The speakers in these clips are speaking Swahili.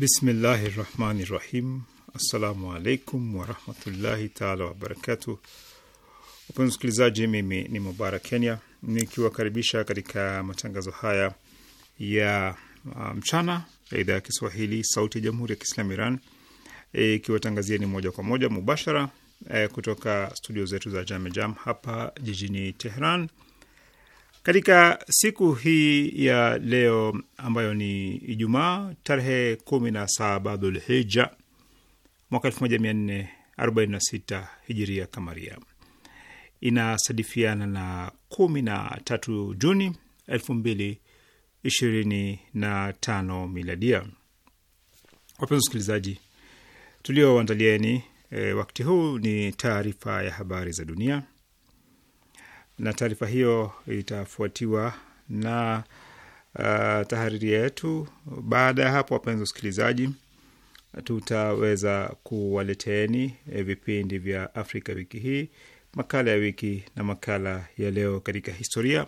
Bismillahi rahmani rahim. Assalamu alaikum warahmatullahi taala wabarakatu. Wapenzi msikilizaji, mimi ni Mubarak Kenya nikiwakaribisha katika matangazo haya ya uh, mchana ya idhaa ya Kiswahili sauti ya jamhuri ya Kiislamu Iran ikiwatangazia e, moja kwa moja mubashara e, kutoka studio zetu za Jamejam hapa jijini Tehran katika siku hii ya leo ambayo ni Ijumaa tarehe kumi na saba Dhulhija mwaka sita hijiria kamaria, inasadifiana na kumi na tatu Juni tano miladia. Wapenzi wasikilizaji, tulioandalieni e, wakati huu ni taarifa ya habari za dunia na taarifa hiyo itafuatiwa na uh, tahariri yetu. Baada ya hapo, wapenzi wasikilizaji, tutaweza kuwaleteni eh, vipindi vya Afrika wiki hii, makala ya wiki na makala ya leo katika historia.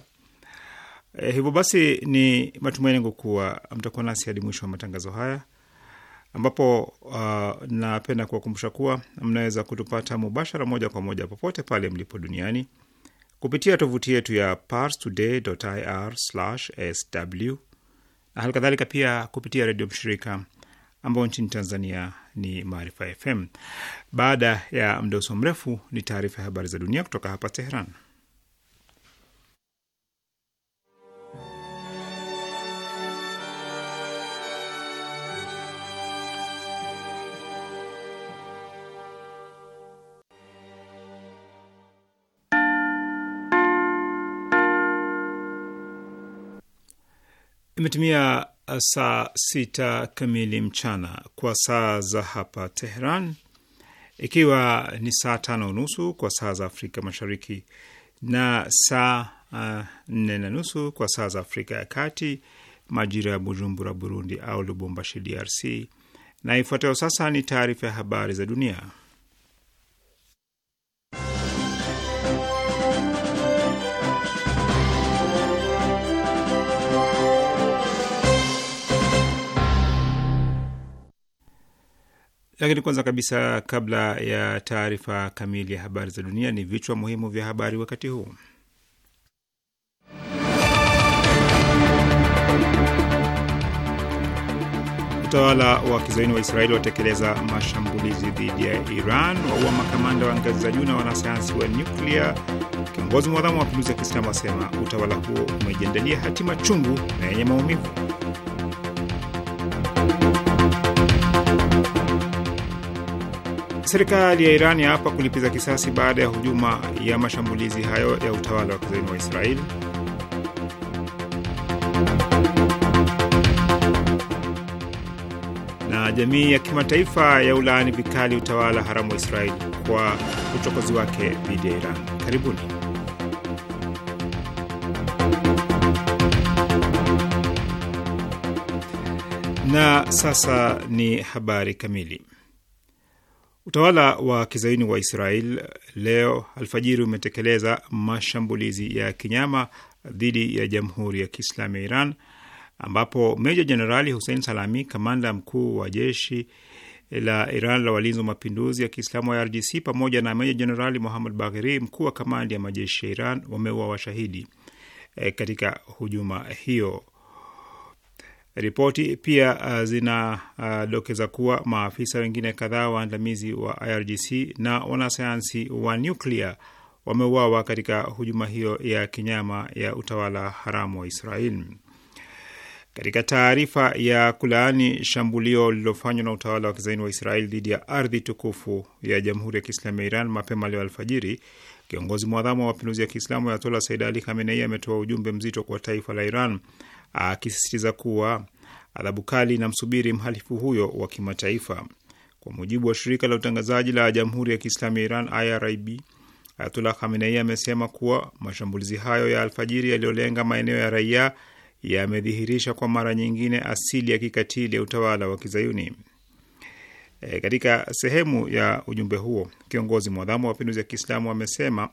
Eh, hivyo basi ni matumaini yangu kuwa mtakuwa nasi hadi mwisho wa matangazo haya ambapo uh, napenda kuwakumbusha kuwa mnaweza kutupata mubashara moja kwa moja popote pale mlipo duniani kupitia tovuti yetu ya parstoday.ir/sw na hali kadhalika pia kupitia redio mshirika ambao nchini Tanzania ni Maarifa FM. Baada ya mdoso mrefu, ni taarifa ya habari za dunia kutoka hapa Teheran. Imetumia uh, saa sita kamili mchana kwa saa za hapa Teheran, ikiwa ni saa tano nusu kwa saa za Afrika Mashariki na saa uh, nne na nusu kwa saa za Afrika ya Kati, majira ya Bujumbura, Burundi, au Lubumbashi, DRC. Na ifuatayo sasa ni taarifa ya habari za dunia. Lakini kwanza kabisa, kabla ya taarifa kamili ya habari za dunia, ni vichwa muhimu vya habari wakati huu. Utawala wa kizaini wa Israeli watekeleza mashambulizi dhidi ya Iran, waua makamanda wa ngazi za juu na wanasayansi wa nyuklia. Kiongozi mwadhamu wa mapinduzi ya Kiislamu asema utawala huo umejiandalia hatima chungu na yenye maumivu. Serikali ya Iran ya hapa kulipiza kisasi baada ya hujuma ya mashambulizi hayo ya utawala wa kizayuni wa Israeli. Na jamii ya kimataifa ya ulaani vikali utawala haramu wa Israeli kwa uchokozi wake dhidi ya Iran. Karibuni. Na sasa ni habari kamili. Utawala wa kizaini wa Israel leo alfajiri umetekeleza mashambulizi ya kinyama dhidi ya Jamhuri ya Kiislamu ya Iran ambapo Meja Jenerali Hussein Salami, kamanda mkuu wa jeshi la Iran la walinzi wa mapinduzi ya Kiislamu wa IRGC, pamoja na Meja Jenerali Muhammad Bagheri, mkuu wa kamandi ya majeshi ya Iran, wameua washahidi e, katika hujuma hiyo. Ripoti pia uh, zinadokeza uh, kuwa maafisa wengine kadhaa waandamizi wa IRGC na wanasayansi wa nyuklia wameuawa katika hujuma hiyo ya kinyama ya utawala haramu wa israel Katika taarifa ya kulaani shambulio lililofanywa na utawala wa kizaini wa israel dhidi ya ardhi tukufu ya Jamhuri ya Kiislamu ya Iran mapema leo alfajiri, kiongozi mwadhamu wa mapinduzi ya Kiislamu Ayatollah Said Ali Khamenei ametoa ujumbe mzito kwa taifa la Iran akisisitiza kuwa adhabu kali inamsubiri mhalifu huyo wa kimataifa. Kwa mujibu wa shirika la utangazaji la Jamhuri ya Kiislamu ya Iran, IRIB, Ayatullah Khamenei amesema kuwa mashambulizi hayo ya alfajiri yaliyolenga maeneo ya raia yamedhihirisha kwa mara nyingine asili ya kikatili ya utawala wa kizayuni. E, katika sehemu ya ujumbe huo kiongozi mwadhamu wa mapinduzi ya Kiislamu amesema,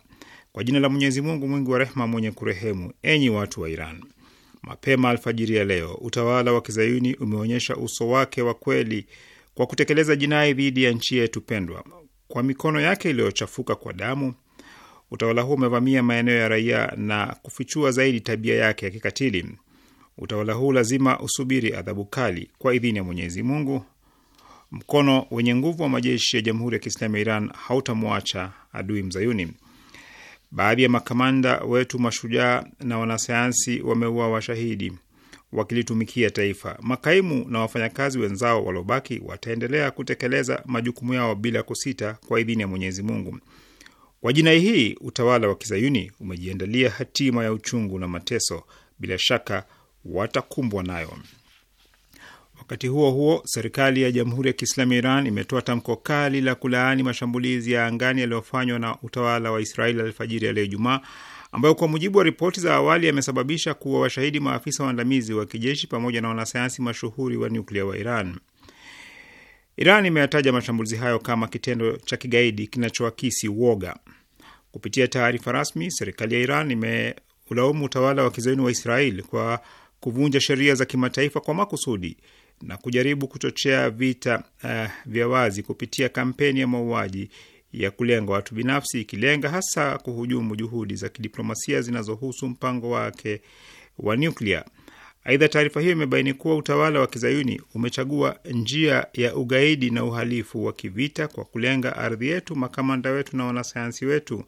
kwa jina la Mwenyezi Mungu mwingi wa rehma mwenye kurehemu, enyi watu wa Iran, Mapema alfajiri ya leo, utawala wa kizayuni umeonyesha uso wake wa kweli kwa kutekeleza jinai dhidi ya nchi yetu pendwa. Kwa mikono yake iliyochafuka kwa damu, utawala huu umevamia maeneo ya raia na kufichua zaidi tabia yake ya kikatili. Utawala huu lazima usubiri adhabu kali kwa idhini ya Mwenyezi Mungu. Mkono wenye nguvu wa majeshi ya Jamhuri ya Kiislamu ya Iran hautamwacha adui mzayuni. Baadhi ya makamanda wetu mashujaa na wanasayansi wameua washahidi wakilitumikia taifa. Makaimu na wafanyakazi wenzao waliobaki wataendelea kutekeleza majukumu yao bila kusita kwa idhini ya Mwenyezi Mungu. Kwa jinai hii utawala wa kizayuni umejiandalia hatima ya uchungu na mateso, bila shaka watakumbwa nayo. Wakati huo huo, serikali ya Jamhuri ya Kiislamu ya Iran imetoa tamko kali la kulaani mashambulizi ya angani yaliyofanywa na utawala wa Israeli alfajiri ya leo Ijumaa, ambayo kwa mujibu wa ripoti za awali yamesababisha kuwa washahidi maafisa waandamizi wa kijeshi pamoja na wanasayansi mashuhuri wa nyuklia wa Iran. Iran imeyataja mashambulizi hayo kama kitendo cha kigaidi kinachoakisi uoga Kupitia taarifa rasmi, serikali ya Iran imeulaumu utawala wa kizayuni wa Israeli kwa kuvunja sheria za kimataifa kwa makusudi na kujaribu kuchochea vita uh, vya wazi kupitia kampeni ya mauaji ya kulenga watu binafsi, ikilenga hasa kuhujumu juhudi za kidiplomasia zinazohusu mpango wake wa nyuklia. Aidha, taarifa hiyo imebaini kuwa utawala wa kizayuni umechagua njia ya ugaidi na uhalifu wa kivita kwa kulenga ardhi yetu, makamanda wetu na wanasayansi wetu.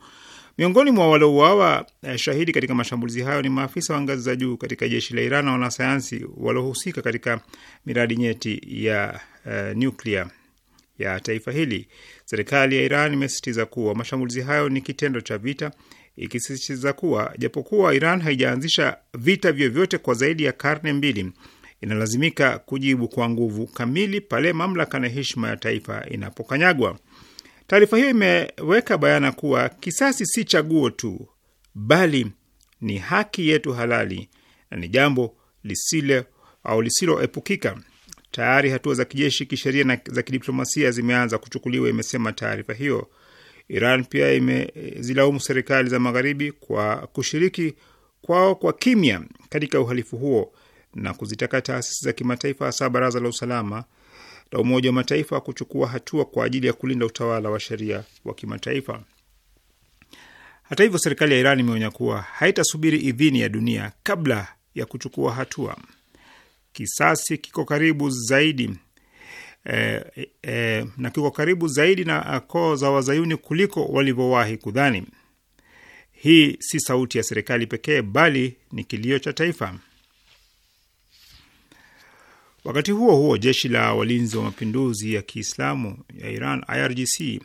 Miongoni mwa waliouawa eh, shahidi katika mashambulizi hayo ni maafisa wa ngazi za juu katika jeshi la Iran na wanasayansi waliohusika katika miradi nyeti ya eh, nyuklia ya taifa hili. Serikali ya Iran imesisitiza kuwa mashambulizi hayo ni kitendo cha vita, ikisisitiza kuwa japokuwa Iran haijaanzisha vita vyovyote kwa zaidi ya karne mbili, inalazimika kujibu kwa nguvu kamili pale mamlaka na heshima ya taifa inapokanyagwa. Taarifa hiyo imeweka bayana kuwa kisasi si chaguo tu, bali ni haki yetu halali na ni jambo lisile au lisiloepukika. Tayari hatua za kijeshi, kisheria na za kidiplomasia zimeanza kuchukuliwa, imesema taarifa hiyo. Iran pia imezilaumu serikali za Magharibi kwa kushiriki kwao kwa kimya katika uhalifu huo na kuzitaka taasisi za kimataifa, hasa Baraza la Usalama la Umoja wa Mataifa kuchukua hatua kwa ajili ya kulinda utawala wa sheria wa kimataifa. Hata hivyo, serikali ya Iran imeonya kuwa haitasubiri idhini ya dunia kabla ya kuchukua hatua. Kisasi kiko karibu zaidi e, e, na kiko karibu zaidi na eh, koo za wazayuni kuliko walivyowahi kudhani. Hii si sauti ya serikali pekee, bali ni kilio cha taifa. Wakati huo huo, jeshi la walinzi wa mapinduzi ya Kiislamu ya Iran IRGC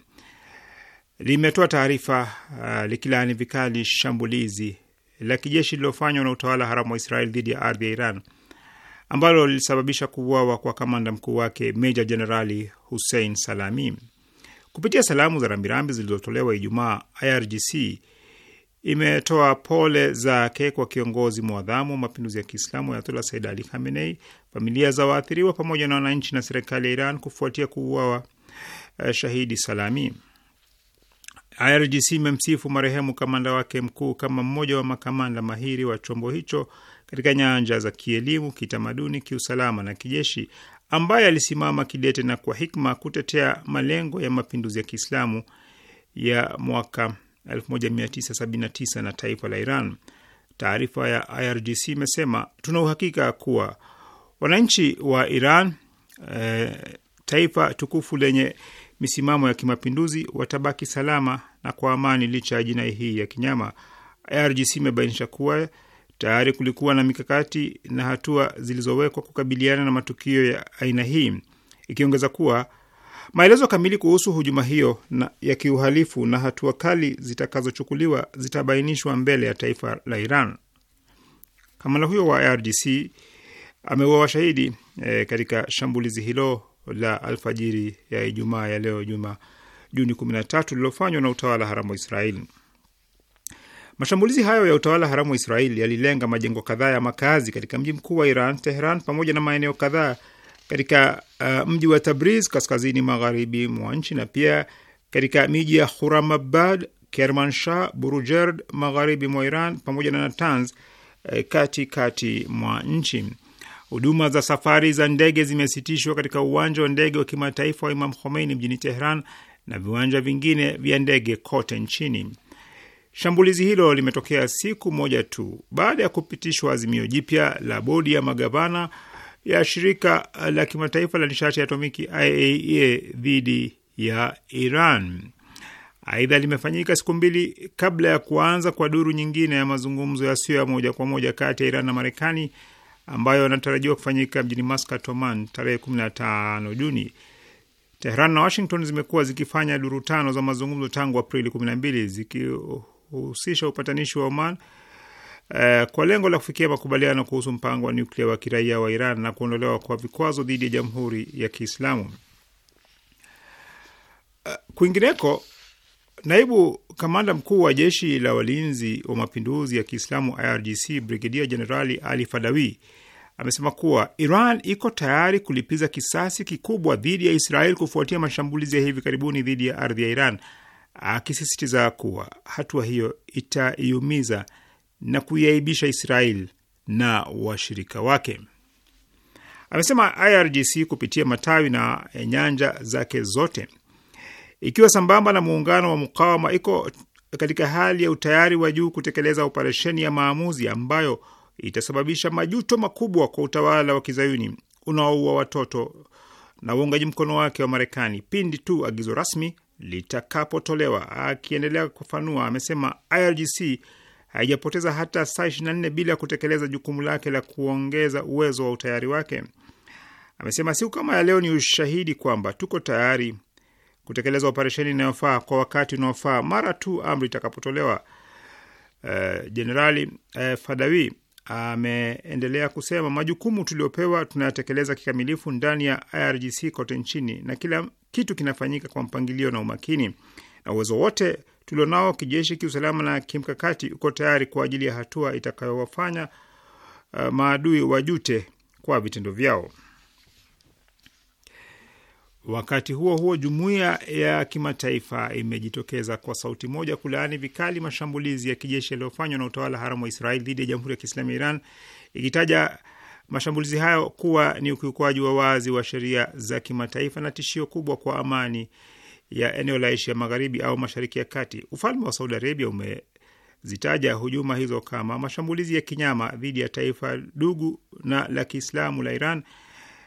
limetoa taarifa uh, likilaani vikali shambulizi la kijeshi lililofanywa na utawala haramu wa Israel dhidi ya ardhi ya Iran ambalo lilisababisha kuuawa kwa kamanda mkuu wake Meja Jenerali Hussein Salami. Kupitia salamu za rambirambi zilizotolewa Ijumaa, IRGC imetoa pole zake kwa kiongozi mwadhamu wa mapinduzi ya Kiislamu Ayatola Said Ali Khamenei, familia za waathiriwa pamoja na wananchi na serikali ya Iran kufuatia kuuawa uh, shahidi Salami. IRGC imemsifu marehemu kamanda wake mkuu kama mmoja wa makamanda mahiri wa chombo hicho katika nyanja za kielimu, kitamaduni, kiusalama na kijeshi, ambaye alisimama kidete na kwa hikma kutetea malengo ya mapinduzi ya Kiislamu ya mwaka 1979 na taifa la Iran. Taarifa ya IRGC imesema tuna uhakika kuwa wananchi wa Iran, eh, taifa tukufu lenye misimamo ya kimapinduzi, watabaki salama na kwa amani licha ya jinai hii ya kinyama. IRGC imebainisha kuwa tayari kulikuwa na mikakati na hatua zilizowekwa kukabiliana na matukio ya aina hii, ikiongeza kuwa Maelezo kamili kuhusu hujuma hiyo na ya kiuhalifu na hatua kali zitakazochukuliwa zitabainishwa mbele ya taifa la Iran. Kamanda huyo wa IRGC ameua washahidi e, katika shambulizi hilo la alfajiri ya Ijumaa ya leo Juma Juni 13 lililofanywa na utawala haramu wa Israeli. Mashambulizi hayo ya utawala haramu wa Israeli yalilenga majengo kadhaa ya makazi katika mji mkuu wa Iran, Teheran, pamoja na maeneo kadhaa katika uh, mji wa Tabriz kaskazini magharibi mwa nchi na pia katika miji ya Khuramabad, Kermanshah, Burujerd magharibi mwa Iran pamoja na Natanz eh, kati mwa nchi. Huduma za safari za ndege zimesitishwa katika uwanja wa ndege wa kimataifa wa Imam Khomeini mjini Tehran na viwanja vingine vya ndege kote nchini. Shambulizi hilo limetokea siku moja tu baada ya kupitishwa azimio jipya la bodi ya magavana ya shirika uh, la kimataifa la nishati ya atomiki IAEA e dhidi ya Iran. Aidha, limefanyika siku mbili kabla ya kuanza kwa duru nyingine ya mazungumzo yasiyo ya moja kwa moja kati ya Iran na Marekani ambayo yanatarajiwa kufanyika mjini Muscat, Oman tarehe 15 Juni. Tehran na Washington zimekuwa zikifanya duru tano za mazungumzo tangu Aprili 12 zikihusisha upatanishi wa Oman Eh, kwa lengo la kufikia makubaliano kuhusu mpango wa nyuklia wa kiraia wa Iran na kuondolewa kwa vikwazo dhidi ya Jamhuri ya Kiislamu. Eh, kwingineko, naibu kamanda mkuu wa jeshi la walinzi wa mapinduzi ya Kiislamu IRGC Brigedia Jenerali Ali Fadawi amesema kuwa Iran iko tayari kulipiza kisasi kikubwa dhidi ya Israel kufuatia mashambulizi ya hivi karibuni dhidi ya ardhi ya Iran, akisisitiza kuwa hatua hiyo itaiumiza na kuiaibisha Israel na washirika wake. Amesema IRGC kupitia matawi na nyanja zake zote, ikiwa sambamba na muungano wa mukawama, iko katika hali ya utayari wa juu kutekeleza operesheni ya maamuzi ambayo itasababisha majuto makubwa kwa utawala wa kizayuni unaoua watoto na uungaji mkono wake wa Marekani pindi tu agizo rasmi litakapotolewa. Akiendelea kufafanua, amesema IRGC haijapoteza hata saa 24 bila kutekeleza jukumu lake la kuongeza uwezo wa utayari wake. Amesema siku kama ya leo ni ushahidi kwamba tuko tayari kutekeleza operesheni inayofaa kwa wakati unaofaa mara tu amri itakapotolewa. Eh, Jenerali uh, uh, Fadawi ameendelea kusema majukumu tuliopewa tunayatekeleza kikamilifu ndani ya IRGC kote nchini na kila kitu kinafanyika kwa mpangilio na umakini na uwezo wote tulionao kijeshi, kiusalama na kimkakati uko tayari kwa ajili ya hatua itakayowafanya uh, maadui wajute kwa vitendo vyao. Wakati huo huo, jumuiya ya kimataifa imejitokeza kwa sauti moja kulaani vikali mashambulizi ya kijeshi yaliyofanywa na utawala haramu wa Israeli dhidi ya Jamhuri ya Kiislamu ya Iran, ikitaja mashambulizi hayo kuwa ni ukiukwaji wa wazi wa sheria za kimataifa na tishio kubwa kwa amani ya eneo la Asia Magharibi au Mashariki ya Kati. Ufalme wa Saudi Arabia umezitaja hujuma hizo kama mashambulizi ya kinyama dhidi ya taifa dugu na la Kiislamu la Iran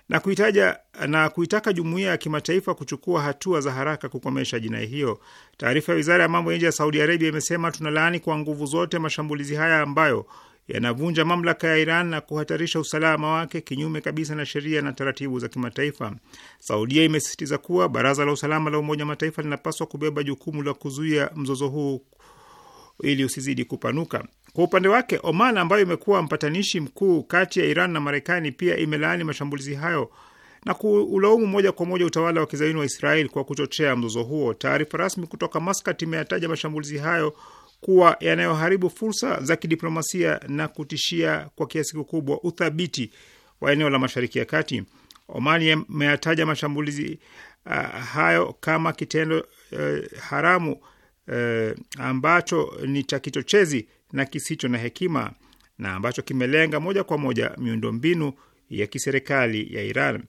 na kuitaja na kuitaka jumuiya ya kimataifa kuchukua hatua za haraka kukomesha jinai hiyo. Taarifa ya wizara ya mambo ya nje ya Saudi Arabia imesema tunalaani kwa nguvu zote mashambulizi haya ambayo yanavunja mamlaka ya Iran na kuhatarisha usalama wake kinyume kabisa na sheria na taratibu za kimataifa. Saudia imesisitiza kuwa Baraza la Usalama la Umoja wa Mataifa linapaswa kubeba jukumu la kuzuia mzozo huu ili usizidi kupanuka. Kwa upande wake, Oman ambayo imekuwa mpatanishi mkuu kati ya Iran na Marekani pia imelaani mashambulizi hayo na kuulaumu moja kwa moja utawala wa kizayuni wa Israel kwa kuchochea mzozo huo. Taarifa rasmi kutoka Maskat imeyataja mashambulizi hayo kuwa yanayoharibu fursa za kidiplomasia na kutishia kwa kiasi kikubwa uthabiti wa eneo la Mashariki ya Kati. Omani ameyataja mashambulizi uh, hayo kama kitendo uh, haramu uh, ambacho ni cha kichochezi na kisicho na hekima na ambacho kimelenga moja kwa moja miundombinu ya kiserikali ya Iran.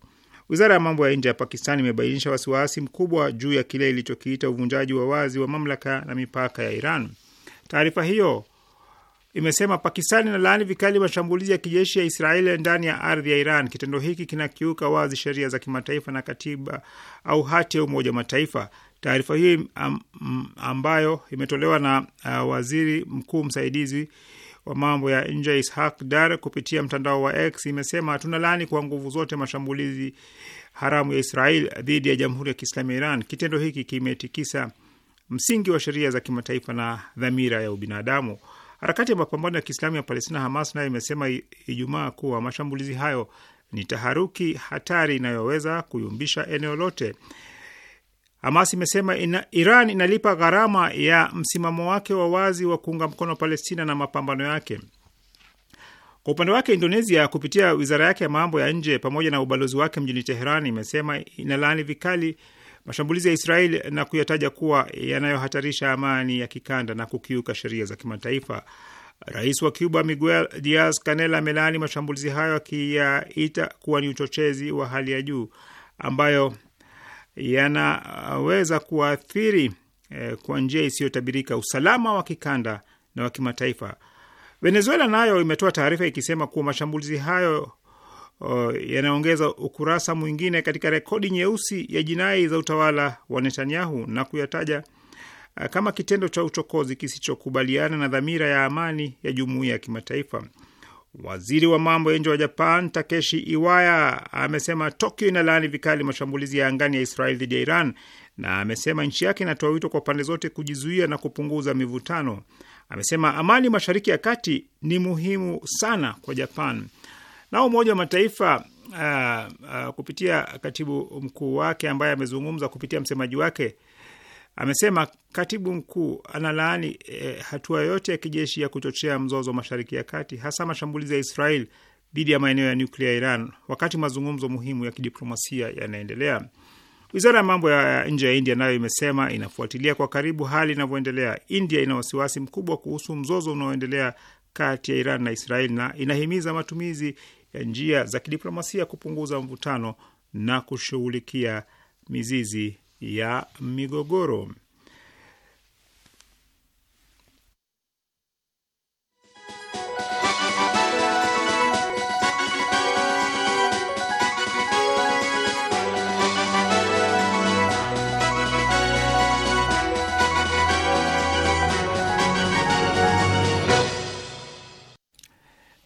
Wizara ya mambo ya nje ya Pakistan imebainisha wasiwasi mkubwa juu ya kile ilichokiita uvunjaji wa wazi wa mamlaka na mipaka ya Iran. Taarifa hiyo imesema Pakistan inalaani vikali mashambulizi ya kijeshi ya Israeli ndani ya ardhi ya Iran. Kitendo hiki kinakiuka wazi sheria za kimataifa na katiba au hati ya Umoja wa Mataifa. Taarifa hiyo ambayo imetolewa na uh, waziri mkuu msaidizi wa mambo ya nje Ishaq Dar kupitia mtandao wa X imesema tunalaani kwa nguvu zote mashambulizi haramu ya Israel dhidi ya Jamhuri ya Kiislamu ya Iran. Kitendo hiki kimetikisa msingi wa sheria za kimataifa na dhamira ya ubinadamu. Harakati ya mapambano ya Kiislamu ya Palestina, Hamas, nayo imesema Ijumaa kuwa mashambulizi hayo ni taharuki hatari inayoweza kuyumbisha eneo lote. Hamas imesema ina, Iran inalipa gharama ya msimamo wake wa wazi wa kuunga mkono Palestina na mapambano yake. Kwa upande wake, Indonesia kupitia wizara yake ya mambo ya nje pamoja na ubalozi wake mjini Teheran imesema inalaani vikali mashambulizi ya israel na kuyataja kuwa yanayohatarisha amani ya kikanda na kukiuka sheria za kimataifa. Rais wa Cuba Miguel Diaz Canel amelaani mashambulizi hayo akiyaita kuwa ni uchochezi wa hali ya juu ambayo yanaweza kuathiri eh, kwa njia isiyotabirika usalama wa kikanda na wa kimataifa. Venezuela nayo imetoa taarifa ikisema kuwa mashambulizi hayo yanaongeza ukurasa mwingine katika rekodi nyeusi ya jinai za utawala wa Netanyahu na kuyataja kama kitendo cha uchokozi kisichokubaliana na dhamira ya amani ya jumuiya ya kimataifa. Waziri wa mambo ya nje wa Japan Takeshi Iwaya amesema Tokyo inalaani vikali mashambulizi ya angani ya Israel dhidi ya Iran na amesema nchi yake inatoa wito kwa pande zote kujizuia na kupunguza mivutano. Amesema amani mashariki ya kati ni muhimu sana kwa Japan. Na Umoja wa Mataifa uh, uh, kupitia katibu mkuu wake ambaye amezungumza kupitia msemaji wake amesema katibu mkuu analaani eh, hatua yote ya kijeshi ya kuchochea mzozo mashariki ya kati, hasa mashambulizi ya Israel dhidi ya maeneo ya nuklia ya Iran, wakati mazungumzo muhimu ya kidiplomasia yanaendelea. Wizara ya mambo ya nje ya India nayo imesema inafuatilia kwa karibu hali inavyoendelea. India ina wasiwasi mkubwa kuhusu mzozo unaoendelea kati ya Iran na Israel na inahimiza matumizi njia za kidiplomasia kupunguza mvutano na kushughulikia mizizi ya migogoro.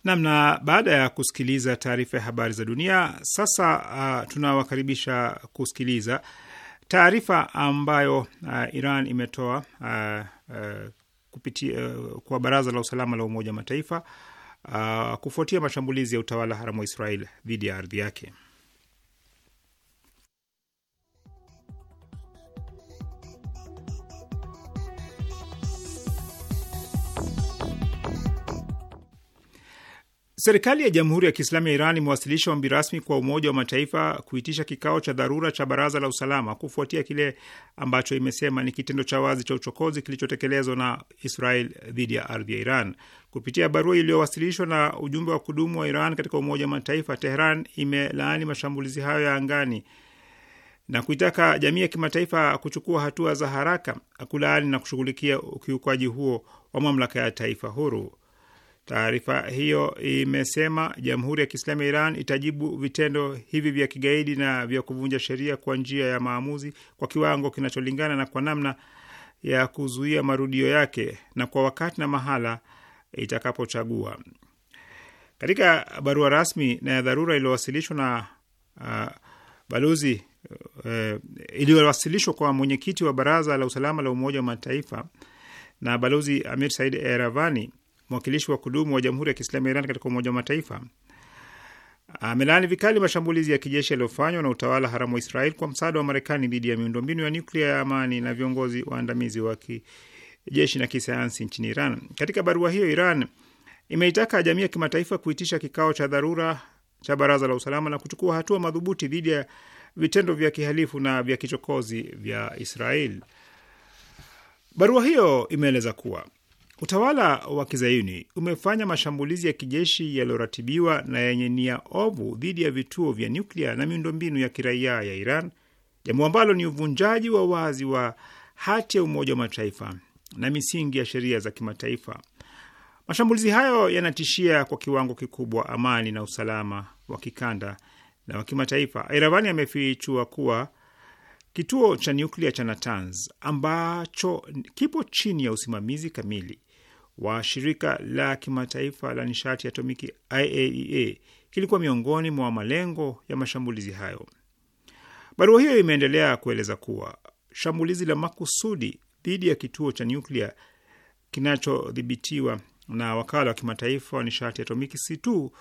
Namna baada ya kusikiliza taarifa ya habari za dunia, sasa uh, tunawakaribisha kusikiliza taarifa ambayo uh, Iran imetoa uh, uh, kupitia uh, kwa Baraza la Usalama la Umoja wa Mataifa uh, kufuatia mashambulizi ya utawala haramu wa Israel dhidi ya ardhi yake. Serikali ya Jamhuri ya Kiislamu ya Iran imewasilisha ombi rasmi kwa Umoja wa Mataifa kuitisha kikao cha dharura cha Baraza la Usalama kufuatia kile ambacho imesema ni kitendo cha wazi cha uchokozi kilichotekelezwa na Israel dhidi ya ardhi ya Iran. Kupitia barua iliyowasilishwa na ujumbe wa kudumu wa Iran katika Umoja wa Mataifa, Tehran imelaani mashambulizi hayo ya angani na kuitaka jamii ya kimataifa kuchukua hatua za haraka kulaani na kushughulikia ukiukaji huo wa mamlaka ya taifa huru. Taarifa hiyo imesema Jamhuri ya Kiislamu ya Iran itajibu vitendo hivi vya kigaidi na vya kuvunja sheria kwa njia ya maamuzi kwa kiwango kinacholingana na kwa namna ya kuzuia marudio yake na kwa wakati na mahala itakapochagua. Katika barua rasmi na ya dharura iliyowasilishwa na uh, balozi uh, iliyowasilishwa kwa mwenyekiti wa Baraza la Usalama la Umoja wa Mataifa na Balozi Amir Said Eravani mwakilishi wa kudumu wa Jamhuri ya Kiislamu ya Iran katika Umoja wa Mataifa amelaani vikali mashambulizi ya kijeshi yaliyofanywa na utawala haramu wa Israel kwa msaada wa Marekani dhidi ya miundombinu ya nyuklia ya amani na viongozi waandamizi wa kijeshi na kisayansi nchini Iran. Katika barua hiyo, Iran imeitaka jamii ya kimataifa kuitisha kikao cha dharura cha Baraza la Usalama na kuchukua hatua madhubuti dhidi ya vitendo vya kihalifu na vya kichokozi vya Israel. Barua hiyo imeeleza kuwa Utawala wa kizayuni umefanya mashambulizi ya kijeshi yaliyoratibiwa na yenye nia ovu dhidi ya vituo vya nyuklia na miundombinu ya kiraia ya Iran, jambo ambalo ni uvunjaji wa wazi wa hati ya Umoja wa Mataifa na misingi ya sheria za kimataifa. Mashambulizi hayo yanatishia kwa kiwango kikubwa amani na usalama wa kikanda na wa kimataifa. Iravani amefichua kuwa kituo cha nyuklia cha Natanz ambacho kipo chini ya usimamizi kamili wa shirika la kimataifa la nishati atomiki IAEA e kilikuwa miongoni mwa malengo ya mashambulizi hayo. Barua hiyo imeendelea kueleza kuwa shambulizi la makusudi dhidi ya kituo cha nyuklia kinachodhibitiwa na wakala wa kimataifa wa nishati ya atomiki si tu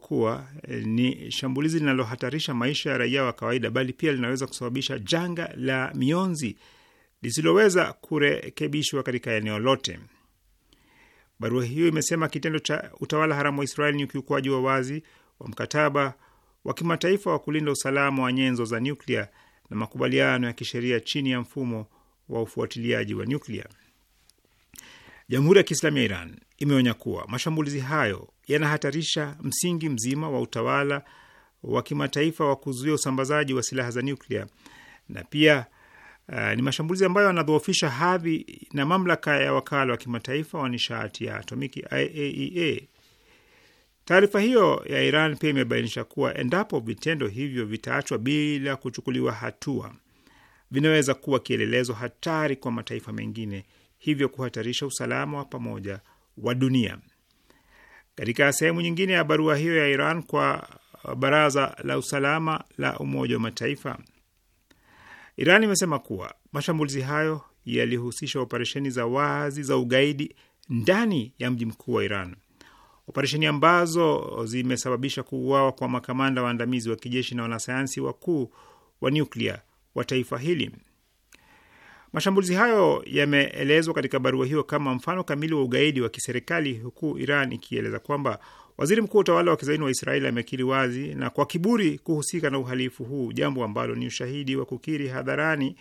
kuwa eh, ni shambulizi linalohatarisha maisha ya raia wa kawaida, bali pia linaweza kusababisha janga la mionzi lisiloweza kurekebishwa katika eneo lote. Barua hiyo imesema kitendo cha utawala haramu wa Israeli ni ukiukwaji wa wazi wa mkataba wa kimataifa wa kulinda usalama wa nyenzo za nyuklia na makubaliano ya kisheria chini ya mfumo wa ufuatiliaji wa nyuklia. Jamhuri ya Kiislamu ya Iran imeonya kuwa mashambulizi hayo yanahatarisha msingi mzima wa utawala wa kimataifa wa kuzuia usambazaji wa silaha za nyuklia na pia Uh, ni mashambulizi ambayo yanadhoofisha hadhi na mamlaka ya wakala wa kimataifa wa nishati ya atomiki IAEA. E Taarifa hiyo ya Iran pia imebainisha kuwa endapo vitendo hivyo vitaachwa bila kuchukuliwa hatua, vinaweza kuwa kielelezo hatari kwa mataifa mengine, hivyo kuhatarisha usalama wa pamoja wa dunia. Katika sehemu nyingine ya barua hiyo ya Iran kwa Baraza la Usalama la Umoja wa Mataifa, Iran imesema kuwa mashambulizi hayo yalihusisha operesheni za wazi za ugaidi ndani ya mji mkuu wa Iran, operesheni ambazo zimesababisha kuuawa kwa makamanda waandamizi wa kijeshi na wanasayansi wakuu wa nyuklia wa taifa hili. Mashambulizi hayo yameelezwa katika barua hiyo kama mfano kamili wa ugaidi wa kiserikali, huku Iran ikieleza kwamba Waziri mkuu wa utawala wa kizaini wa Israeli amekiri wazi na kwa kiburi kuhusika na uhalifu huu, jambo ambalo ni ushahidi wa kukiri hadharani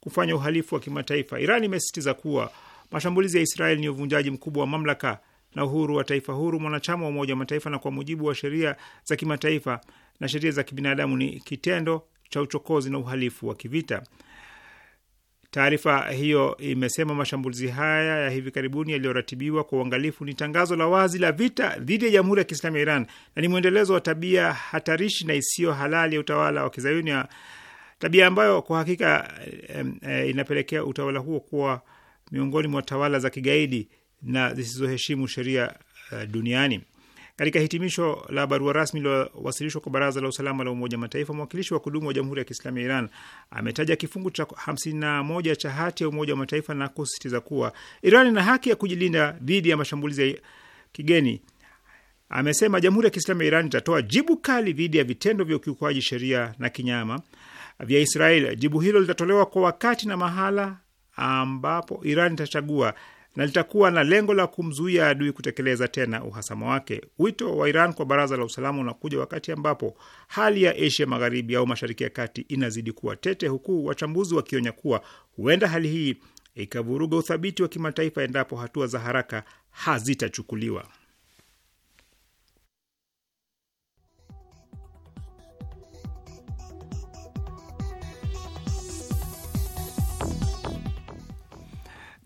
kufanya uhalifu wa kimataifa. Iran imesisitiza kuwa mashambulizi ya Israeli ni uvunjaji mkubwa wa mamlaka na uhuru wa taifa huru mwanachama wa Umoja wa Mataifa, na kwa mujibu wa sheria za kimataifa na sheria za kibinadamu ni kitendo cha uchokozi na uhalifu wa kivita. Taarifa hiyo imesema mashambulizi haya ya hivi karibuni yaliyoratibiwa kwa uangalifu ni tangazo la wazi la vita dhidi ya Jamhuri ya Kiislamu ya Iran na ni mwendelezo wa tabia hatarishi na isiyo halali ya utawala wa kizayuni, tabia ambayo kwa hakika em, em, inapelekea utawala huo kuwa miongoni mwa tawala za kigaidi na zisizoheshimu sheria uh, duniani. Katika hitimisho la barua rasmi iliyowasilishwa kwa Baraza la Usalama la Umoja Mataifa, mwakilishi wa kudumu wa Jamhuri ya Kiislamu ya Iran ametaja kifungu cha 51 cha hati ya Umoja wa Mataifa na kusisitiza kuwa Iran ina haki ya kujilinda dhidi ya mashambulizi ya kigeni. Amesema Jamhuri ya Kiislamu ya Iran itatoa jibu kali dhidi ya vitendo vya ukiukwaji sheria na kinyama vya Israel. Jibu hilo litatolewa kwa wakati na mahala ambapo Iran itachagua na litakuwa na lengo la kumzuia adui kutekeleza tena uhasama wake. Wito wa Iran kwa Baraza la Usalama unakuja wakati ambapo hali ya Asia Magharibi au Mashariki ya Kati inazidi kuwa tete, huku wachambuzi wakionya kuwa huenda hali hii ikavuruga uthabiti wa kimataifa endapo hatua za haraka hazitachukuliwa.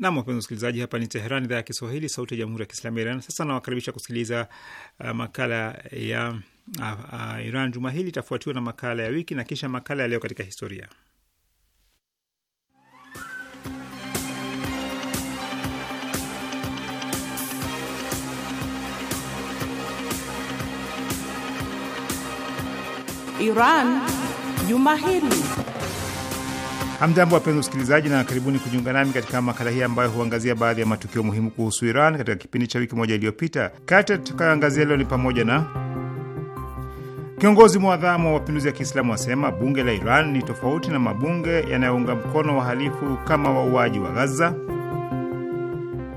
Nam, wapenzi msikilizaji, hapa ni Teheran, idhaa ya Kiswahili, sauti ya jamhuri ya kiislamu ya Iran. Sasa nawakaribisha kusikiliza uh, makala ya uh, uh, Iran juma hili, itafuatiwa na makala ya wiki na kisha makala ya leo katika historia. Iran juma hili Hamjambo, wapenzi usikilizaji na karibuni kujiunga nami katika makala hii ambayo huangazia baadhi ya matukio muhimu kuhusu Iran katika kipindi cha wiki moja iliyopita. Kati tutakayoangazia leo ni pamoja na kiongozi mwadhamu wa mapinduzi ya Kiislamu asema bunge la Iran ni tofauti na mabunge yanayounga mkono wahalifu kama wauaji wa Gaza.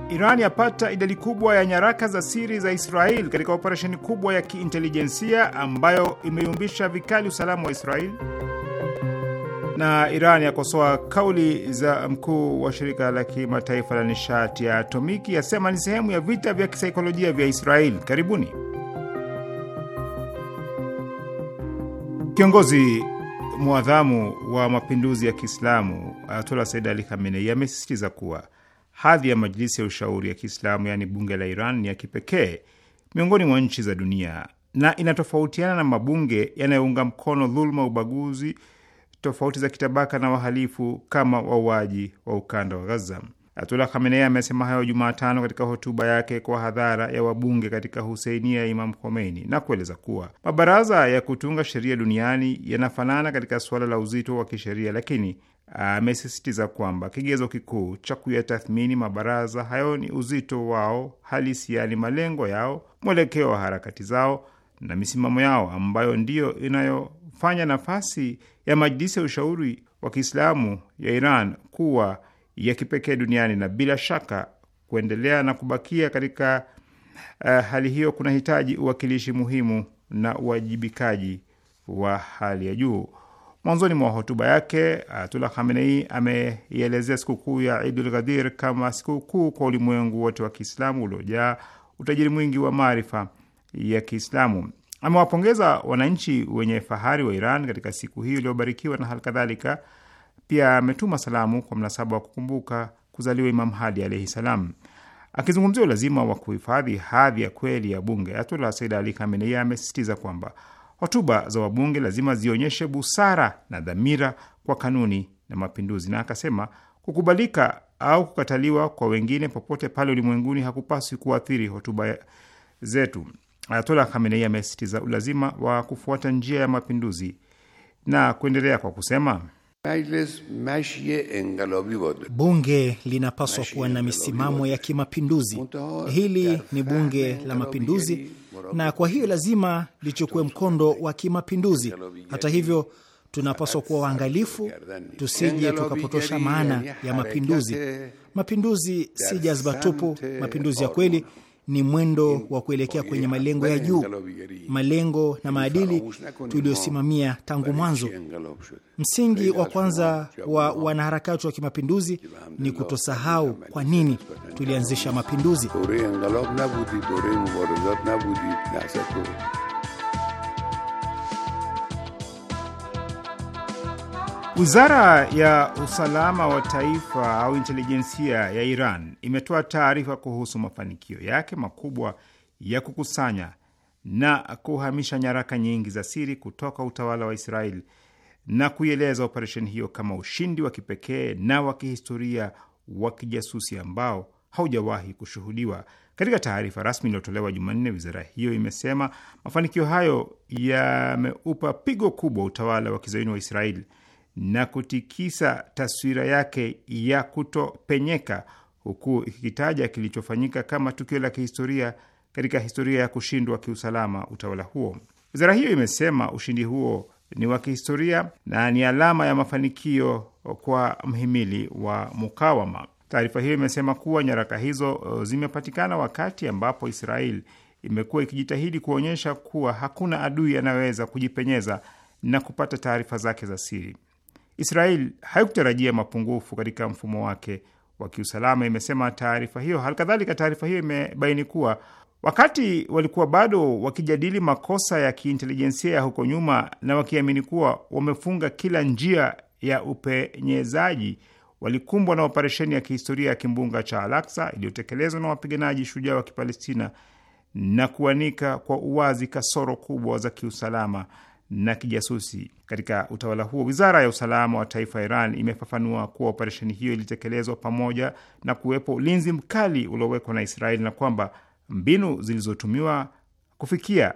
Iran yapata idadi kubwa ya nyaraka za siri za Israel katika operesheni kubwa ya kiintelijensia ambayo imeyumbisha vikali usalama wa Israel na Iran yakosoa kauli za mkuu wa shirika la kimataifa la nishati ya atomiki, yasema ni sehemu ya vita vya kisaikolojia vya Israeli. Karibuni. Kiongozi mwadhamu wa mapinduzi ya Kiislamu Ayatola Said Ali Khamenei amesisitiza kuwa hadhi ya Majlisi ya Ushauri ya Kiislamu, yaani bunge la Iran, ni ya kipekee miongoni mwa nchi za dunia na inatofautiana na mabunge yanayounga mkono dhuluma, ubaguzi tofauti za kitabaka na wahalifu kama wauaji wa ukanda wa Gaza. Ayatullah Khamenei amesema hayo Jumatano katika hotuba yake kwa hadhara ya wabunge katika Huseinia ya Imam Khomeini na kueleza kuwa mabaraza ya kutunga sheria duniani yanafanana katika suala la uzito wa kisheria, lakini amesisitiza kwamba kigezo kikuu cha kuyatathmini mabaraza hayo ni uzito wao halisi, yaani malengo yao, mwelekeo wa harakati zao na misimamo yao ambayo ndiyo inayo kufanya nafasi ya Majlisi ya Ushauri wa Kiislamu ya Iran kuwa ya kipekee duniani na bila shaka kuendelea na kubakia katika uh, hali hiyo kuna hitaji uwakilishi muhimu na uwajibikaji wa hali ya juu. Mwanzoni mwa hotuba yake, Ayatullah Khamenei ameielezea sikukuu ya Idul Ghadir kama sikukuu kwa ulimwengu wote wa Kiislamu uliojaa utajiri mwingi wa maarifa ya Kiislamu. Amewapongeza wananchi wenye fahari wa Iran katika siku hiyo iliyobarikiwa na halikadhalika pia ametuma salamu kwa mnasaba wa kukumbuka kuzaliwa Imam Hadi alaihi salam. Akizungumzia ulazima wa kuhifadhi hadhi ya kweli ya bunge, Ayatullah Said Ali Khamenei amesisitiza kwamba hotuba za wabunge lazima zionyeshe busara na dhamira kwa kanuni na mapinduzi, na akasema kukubalika au kukataliwa kwa wengine popote pale ulimwenguni hakupaswi kuathiri hotuba zetu. Ayatola Khamenei amesisitiza ulazima wa kufuata njia ya mapinduzi na kuendelea kwa kusema bunge linapaswa kuwa na misimamo ya kimapinduzi. Hili ni bunge la mapinduzi, na kwa hiyo lazima lichukue mkondo wa kimapinduzi. Hata hivyo, tunapaswa kuwa waangalifu tusije tukapotosha maana ya mapinduzi. Mapinduzi si jazba tupu. Mapinduzi ya kweli ni mwendo wa kuelekea kwenye malengo ya juu, malengo na maadili tuliyosimamia tangu mwanzo. Msingi wa kwanza wa wanaharakati wa kimapinduzi ni kutosahau kwa nini tulianzisha mapinduzi. Wizara ya usalama wa taifa au intelijensia ya Iran imetoa taarifa kuhusu mafanikio yake makubwa ya kukusanya na kuhamisha nyaraka nyingi za siri kutoka utawala wa israel na kuieleza operesheni hiyo kama ushindi wa kipekee na wa kihistoria wa kijasusi ambao haujawahi kushuhudiwa. Katika taarifa rasmi iliyotolewa Jumanne, wizara hiyo imesema mafanikio hayo yameupa pigo kubwa utawala wa kizayuni wa Israeli na kutikisa taswira yake ya kutopenyeka, huku ikikitaja kilichofanyika kama tukio la kihistoria katika historia ya kushindwa kiusalama utawala huo. Wizara hiyo imesema ushindi huo ni wa kihistoria na ni alama ya mafanikio kwa mhimili wa mukawama. Taarifa hiyo imesema kuwa nyaraka hizo uh, zimepatikana wakati ambapo Israel imekuwa ikijitahidi kuonyesha kuwa hakuna adui anayeweza kujipenyeza na kupata taarifa zake za siri. Israel haikutarajia mapungufu katika mfumo wake wa kiusalama, imesema taarifa hiyo. Halikadhalika, taarifa hiyo imebaini kuwa wakati walikuwa bado wakijadili makosa ya kiintelijensia ya huko nyuma na wakiamini kuwa wamefunga kila njia ya upenyezaji, walikumbwa na operesheni ya kihistoria ya kimbunga cha Alaksa iliyotekelezwa na wapiganaji shujaa wa Kipalestina na kuanika kwa uwazi kasoro kubwa za kiusalama na kijasusi katika utawala huo. Wizara ya usalama wa taifa ya Iran imefafanua kuwa operesheni hiyo ilitekelezwa pamoja na kuwepo ulinzi mkali uliowekwa na Israeli na kwamba mbinu zilizotumiwa kufikia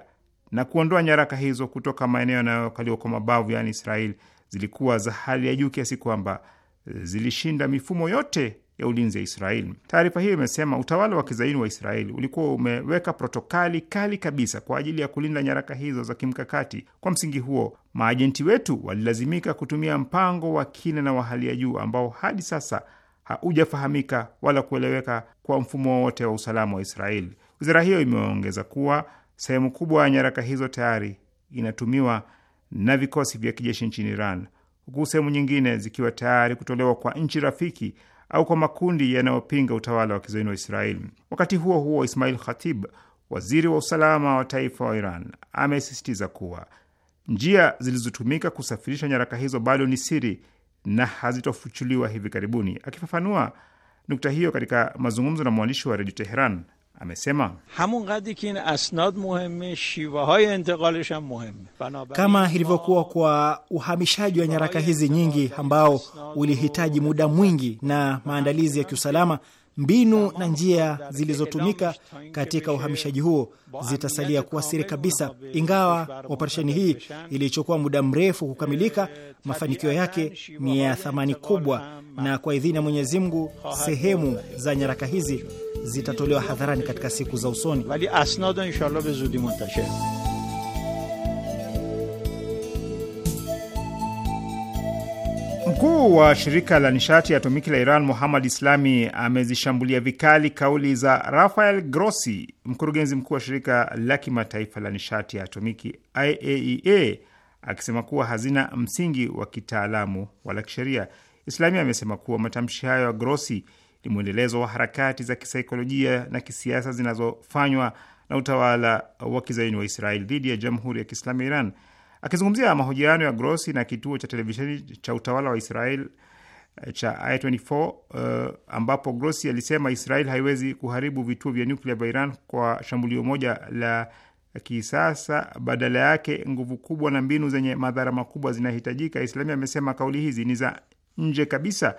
na kuondoa nyaraka hizo kutoka maeneo yanayokaliwa kwa mabavu, yaani Israeli, zilikuwa za hali ya juu kiasi kwamba zilishinda mifumo yote ya ulinzi ya Israeli. Taarifa hiyo imesema utawala wa kizaini wa Israeli ulikuwa umeweka protokali kali kabisa kwa ajili ya kulinda nyaraka hizo za kimkakati. Kwa msingi huo, maajenti wetu walilazimika kutumia mpango wa kina na wa hali ya juu ambao hadi sasa haujafahamika wala kueleweka kwa mfumo wowote wa usalama wa Israeli. Wizara hiyo imeongeza kuwa sehemu kubwa ya nyaraka hizo tayari inatumiwa na vikosi vya kijeshi nchini Iran, huku sehemu nyingine zikiwa tayari kutolewa kwa nchi rafiki au kwa makundi yanayopinga utawala wa kizayuni wa Israeli. Wakati huo huo, Ismail Khatib, waziri wa usalama wa taifa wa Iran, amesisitiza kuwa njia zilizotumika kusafirisha nyaraka hizo bado ni siri na hazitofuchuliwa hivi karibuni. Akifafanua nukta hiyo katika mazungumzo na mwandishi wa redio Teheran, Amesema kama ilivyokuwa kwa uhamishaji wa nyaraka hizi nyingi ambao ulihitaji muda mwingi na maandalizi ya kiusalama, mbinu na njia zilizotumika katika uhamishaji huo zitasalia kuwa siri kabisa. Ingawa operesheni hii ilichukua muda mrefu kukamilika, mafanikio yake ni ya thamani kubwa, na kwa idhini ya Mwenyezi Mungu sehemu za nyaraka hizi zitatolewa hadharani katika siku za usoni. Mkuu wa shirika la nishati ya atomiki la Iran Muhammad Islami amezishambulia vikali kauli za Rafael Grossi, mkurugenzi mkuu wa shirika la kimataifa la nishati ya atomiki IAEA, e akisema kuwa hazina msingi wa kitaalamu wala kisheria. Islami amesema kuwa matamshi hayo ya Grossi ni mwendelezo wa harakati za kisaikolojia na kisiasa zinazofanywa na utawala wa kizaini wa Israel dhidi ya Jamhuri ya Kiislamu ya Iran. Akizungumzia mahojiano ya Grossi na kituo cha televisheni cha utawala wa Israel eh, cha I24 uh, eh, ambapo Grossi alisema Israel haiwezi kuharibu vituo vya nyuklia vya Iran kwa shambulio moja la kisasa, badala yake nguvu kubwa na mbinu zenye madhara makubwa zinahitajika. islami amesema kauli hizi ni za nje kabisa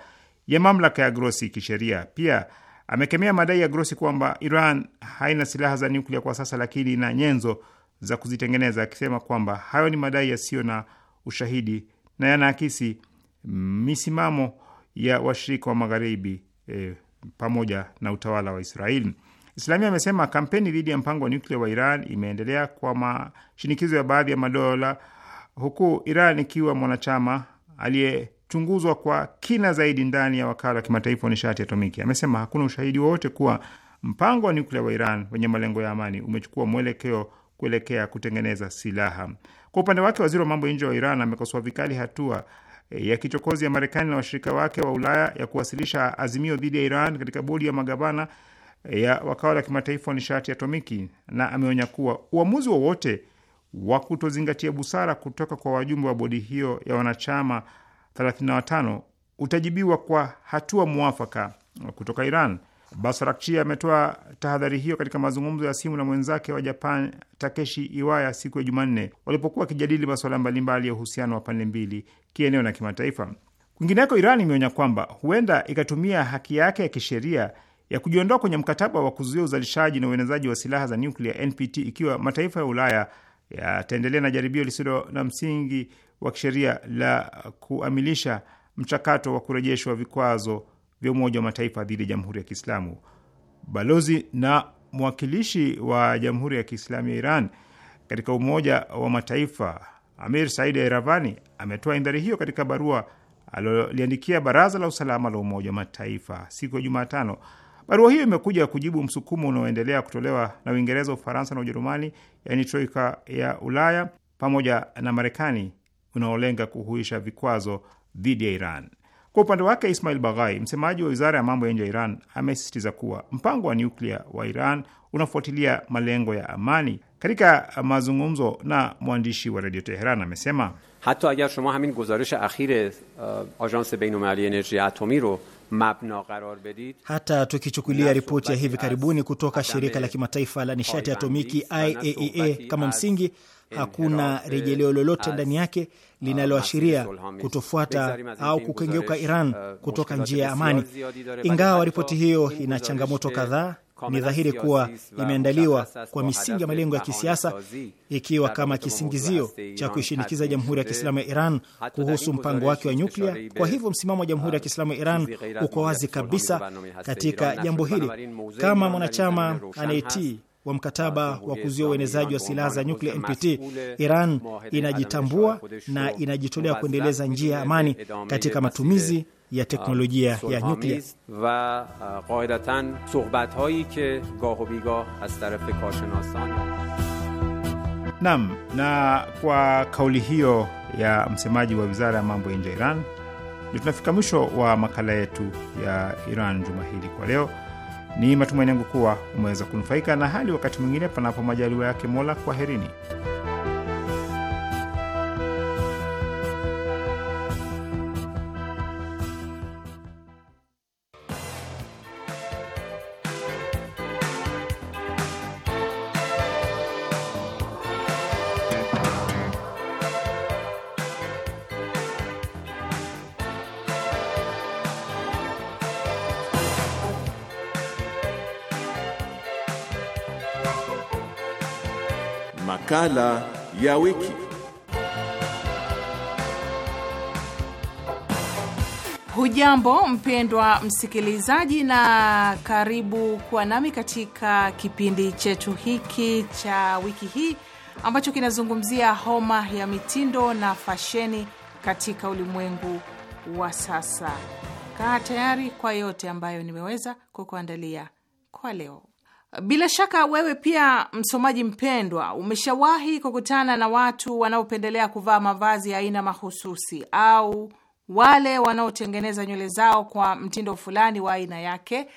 ya mamlaka ya Grosi kisheria. Pia amekemea madai ya Grosi kwamba Iran haina silaha za nyuklia kwa sasa, lakini ina nyenzo za kuzitengeneza, akisema kwamba hayo ni madai yasiyo na ushahidi na yanaakisi misimamo ya washirika wa magharibi eh, pamoja na utawala wa Israeli. Islamia amesema kampeni dhidi ya mpango wa nyuklia wa Iran imeendelea kwa mashinikizo ya baadhi ya madola, huku Iran ikiwa mwanachama aliye kuchunguzwa kwa kina zaidi ndani ya wakala wa kimataifa wa nishati atomiki. Amesema hakuna ushahidi wowote kuwa mpango wa nyuklia wa Iran wenye malengo ya amani umechukua mwelekeo kuelekea kutengeneza silaha. Kwa upande wake, waziri wa mambo ya nje wa Iran amekosoa vikali hatua eh, ya kichokozi ya Marekani na washirika wake wa Ulaya ya kuwasilisha azimio dhidi ya Iran katika bodi ya magavana eh, ya wakala wa kimataifa wa nishati atomiki, na ameonya kuwa uamuzi wowote wa kutozingatia busara kutoka kwa wajumbe wa bodi hiyo ya wanachama 35 utajibiwa kwa hatua mwafaka kutoka Iran. Abbas Araghchi ametoa tahadhari hiyo katika mazungumzo ya simu na mwenzake wa Japan Takeshi Iwaya siku ya Jumanne walipokuwa wakijadili masuala mbalimbali ya uhusiano wa pande mbili kieneo na kimataifa. Kwingineko, Iran imeonya kwamba huenda ikatumia haki yake ya kisheria ya kujiondoa kwenye mkataba wa kuzuia uzalishaji na uenezaji wa silaha za nyuklia NPT ikiwa mataifa ya Ulaya yataendelea na jaribio lisilo na msingi wa kisheria la kuamilisha mchakato wa kurejeshwa vikwazo vya Umoja wa Mataifa dhidi ya Jamhuri ya Kiislamu. Balozi na mwakilishi wa Jamhuri ya Kiislamu ya Iran katika Umoja wa Mataifa Amir Said Eravani ametoa indhari hiyo katika barua aloliandikia Baraza la Usalama la Umoja wa Mataifa siku ya Jumatano. Barua hiyo imekuja kujibu msukumo unaoendelea kutolewa na Uingereza, Ufaransa na Ujerumani, yaani troika ya Ulaya pamoja na Marekani unaolenga kuhuisha vikwazo dhidi ya Iran. Kwa upande wake, Ismail Baghai, msemaji wa wizara ya mambo ya nje ya Iran, amesisitiza kuwa mpango wa nyuklia wa Iran unafuatilia malengo ya amani. Katika mazungumzo na mwandishi wa redio Teheran amesema hata agar shoma hamin guzarish akhir uh, ajans bainulmalali enerji atomi ro hata tukichukulia ripoti ya hivi karibuni kutoka shirika la kimataifa la nishati atomiki IAEA e kama msingi hakuna eh, rejeleo lolote ndani yake uh, linaloashiria kutofuata au kukengeuka Iran uh, kutoka njia ya amani. Ingawa ripoti hiyo ina changamoto eh, kadhaa, ni dhahiri kuwa imeandaliwa kwa misingi ya malengo ya kisiasa, ikiwa kama kisingizio cha kuishinikiza Jamhuri ya Kiislamu ya Iran kuhusu mpango wake wa nyuklia. Kwa hivyo, msimamo wa Jamhuri ya uh, Kiislamu ya Iran uko wazi kabisa katika jambo hili. Kama mwanachama anayetii wa mkataba wa kuzuia uenezaji wa silaha za nyuklia NPT, Iran inajitambua na inajitolea kuendeleza njia ya amani katika matumizi ya teknolojia uh, ya nyuklia. Uh, nam na kwa kauli hiyo ya msemaji wa wizara ya mambo ya nje ya Iran, ndio tunafika mwisho wa makala yetu ya Iran juma hili kwa leo. Ni matumaini yangu kuwa umeweza kunufaika na hali wakati mwingine, panapo majaliwa yake Mola. Kwaherini. makala ya wiki. Hujambo mpendwa msikilizaji, na karibu kuwa nami katika kipindi chetu hiki cha wiki hii ambacho kinazungumzia homa ya mitindo na fasheni katika ulimwengu wa sasa. Kaa tayari kwa yote ambayo nimeweza kukuandalia kwa leo. Bila shaka wewe pia msomaji mpendwa, umeshawahi kukutana na watu wanaopendelea kuvaa mavazi ya aina mahususi au wale wanaotengeneza nywele zao kwa mtindo fulani wa aina yake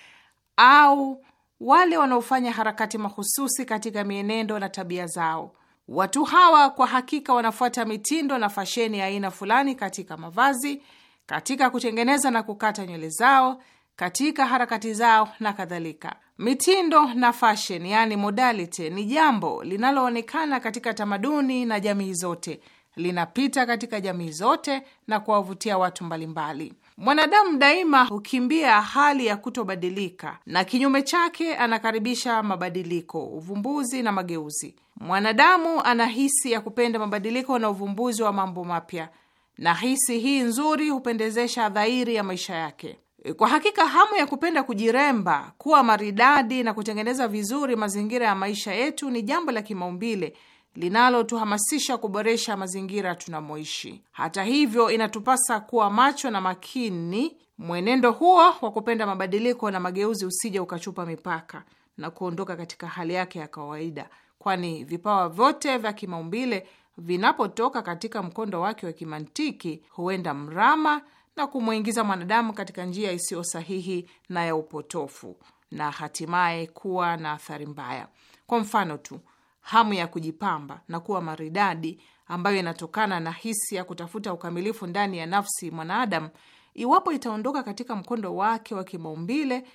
au wale wanaofanya harakati mahususi katika mienendo na tabia zao. Watu hawa kwa hakika wanafuata mitindo na fasheni ya aina fulani katika mavazi, katika kutengeneza na kukata nywele zao katika harakati zao na kadhalika. Mitindo na fashion, yani modality, ni jambo linaloonekana katika tamaduni na jamii zote, linapita katika jamii zote na kuwavutia watu mbalimbali. Mwanadamu daima hukimbia hali ya kutobadilika na kinyume chake anakaribisha mabadiliko, uvumbuzi na mageuzi. Mwanadamu ana hisi ya kupenda mabadiliko na uvumbuzi wa mambo mapya, na hisi hii nzuri hupendezesha dhahiri ya maisha yake. Kwa hakika hamu ya kupenda kujiremba, kuwa maridadi na kutengeneza vizuri mazingira ya maisha yetu ni jambo la kimaumbile linalotuhamasisha kuboresha mazingira tunamoishi. Hata hivyo, inatupasa kuwa macho na makini mwenendo huo wa kupenda mabadiliko na mageuzi usije ukachupa mipaka na kuondoka katika hali yake ya kawaida, kwani vipawa vyote vya kimaumbile vinapotoka katika mkondo wake wa kimantiki huenda mrama na kumwingiza mwanadamu katika njia isiyo sahihi na ya upotofu na hatimaye kuwa na athari mbaya. Kwa mfano tu, hamu ya kujipamba na kuwa maridadi ambayo inatokana na hisi ya kutafuta ukamilifu ndani ya nafsi mwanadamu, iwapo itaondoka katika mkondo wake wa kimaumbile,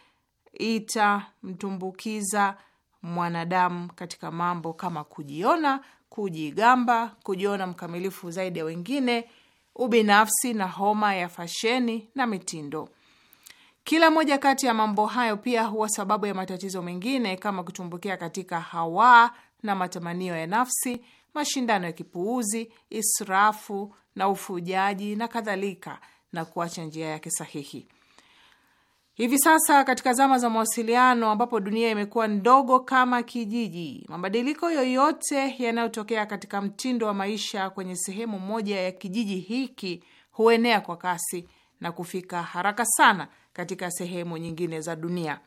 itamtumbukiza mwanadamu katika mambo kama kujiona, kujigamba, kujiona mkamilifu zaidi ya wengine ubinafsi na homa ya fasheni na mitindo. Kila moja kati ya mambo hayo pia huwa sababu ya matatizo mengine kama kutumbukia katika hawa na matamanio ya nafsi, mashindano ya kipuuzi, israfu na ufujaji na kadhalika, na kuacha njia yake sahihi. Hivi sasa katika zama za mawasiliano ambapo dunia imekuwa ndogo kama kijiji, mabadiliko yoyote yanayotokea katika mtindo wa maisha kwenye sehemu moja ya kijiji hiki huenea kwa kasi na kufika haraka sana katika sehemu nyingine za dunia.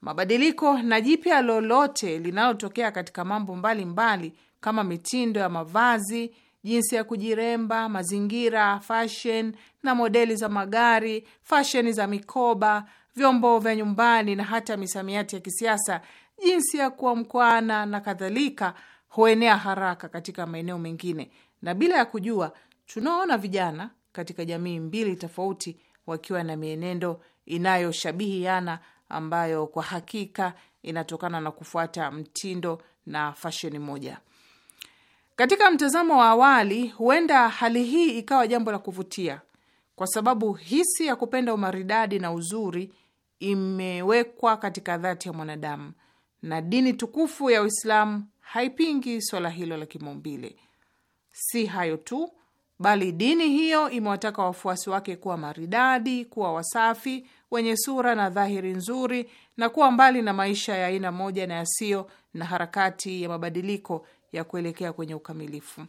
Mabadiliko na jipya lolote linalotokea katika mambo mbalimbali mbali, kama mitindo ya mavazi, jinsi ya kujiremba, mazingira, fashion na modeli za magari, fasheni za mikoba vyombo vya nyumbani na hata misamiati ya kisiasa, jinsi ya kuwa mkwana na kadhalika, huenea haraka katika maeneo mengine, na bila ya kujua tunaona vijana katika jamii mbili tofauti wakiwa na mienendo inayoshabihiana ambayo kwa hakika inatokana na kufuata mtindo na fasheni moja. Katika mtazamo wa awali, huenda hali hii ikawa jambo la kuvutia, kwa sababu hisi ya kupenda umaridadi na uzuri imewekwa katika dhati ya mwanadamu na dini tukufu ya Uislamu haipingi swala hilo la kimaumbile. Si hayo tu, bali dini hiyo imewataka wafuasi wake kuwa maridadi, kuwa wasafi, wenye sura na dhahiri nzuri, na kuwa mbali na maisha ya aina moja na yasiyo na harakati ya mabadiliko ya kuelekea kwenye ukamilifu.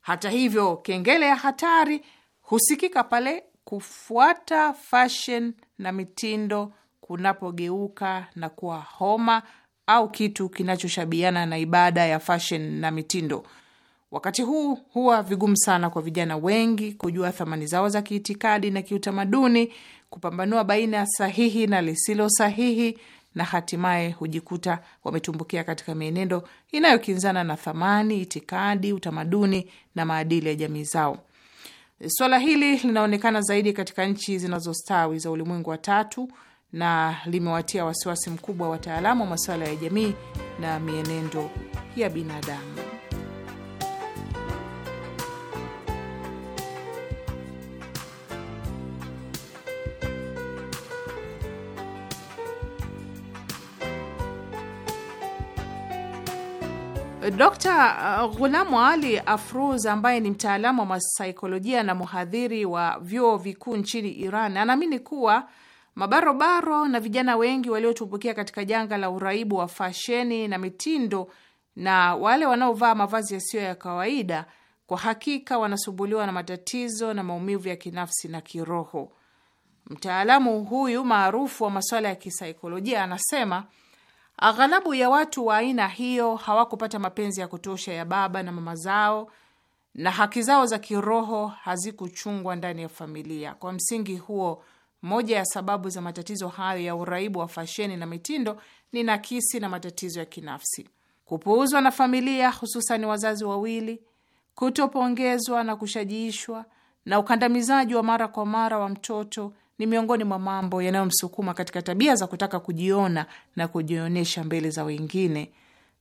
Hata hivyo, kengele ya hatari husikika pale kufuata fashion na mitindo kunapogeuka na kuwa homa au kitu kinachoshabiana na ibada ya fashion na mitindo. Wakati huu huwa vigumu sana kwa vijana wengi kujua thamani zao za kiitikadi na kiutamaduni, kupambanua baina ya sahihi na lisilo sahihi, na hatimaye hujikuta wametumbukia katika mienendo inayokinzana na thamani, itikadi, utamaduni na maadili ya jamii zao. Swala hili linaonekana zaidi katika nchi zinazostawi za ulimwengu wa tatu na limewatia wasiwasi mkubwa wataalamu wa masuala ya jamii na mienendo ya binadamu. Dr. Uh, Ghulamu Ali Afruz ambaye ni mtaalamu wa masaikolojia na mhadhiri wa vyuo vikuu nchini Iran anaamini kuwa mabarobaro na vijana wengi waliotumbukia katika janga la uraibu wa fasheni na mitindo na wale wanaovaa mavazi yasiyo ya kawaida kwa hakika wanasumbuliwa na matatizo na maumivu ya kinafsi na kiroho. Mtaalamu huyu maarufu wa masuala ya kisaikolojia anasema Aghalabu ya watu wa aina hiyo hawakupata mapenzi ya kutosha ya baba na mama zao na haki zao za kiroho hazikuchungwa ndani ya familia. Kwa msingi huo, moja ya sababu za matatizo hayo ya uraibu wa fasheni na mitindo ni nakisi na matatizo ya kinafsi, kupuuzwa na familia, hususan wazazi wawili, kutopongezwa na kushajiishwa, na ukandamizaji wa mara kwa mara wa mtoto ni miongoni mwa mambo yanayomsukuma katika tabia za kutaka kujiona na kujionyesha mbele za wengine.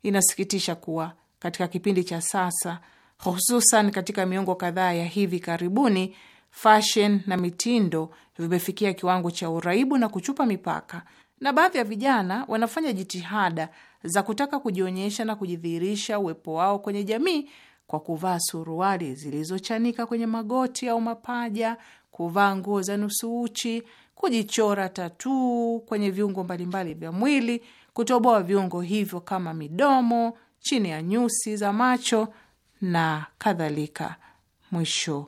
Inasikitisha kuwa katika kipindi cha sasa, hususan katika miongo kadhaa ya hivi karibuni, fashion na mitindo vimefikia kiwango cha uraibu na kuchupa mipaka, na baadhi ya vijana wanafanya jitihada za kutaka kujionyesha na kujidhihirisha uwepo wao kwenye jamii kwa kuvaa suruali zilizochanika kwenye magoti au mapaja, kuvaa nguo za nusu uchi, kujichora tatuu kwenye viungo mbalimbali vya mwili, kutoboa viungo hivyo kama midomo, chini ya nyusi za macho na kadhalika. Mwisho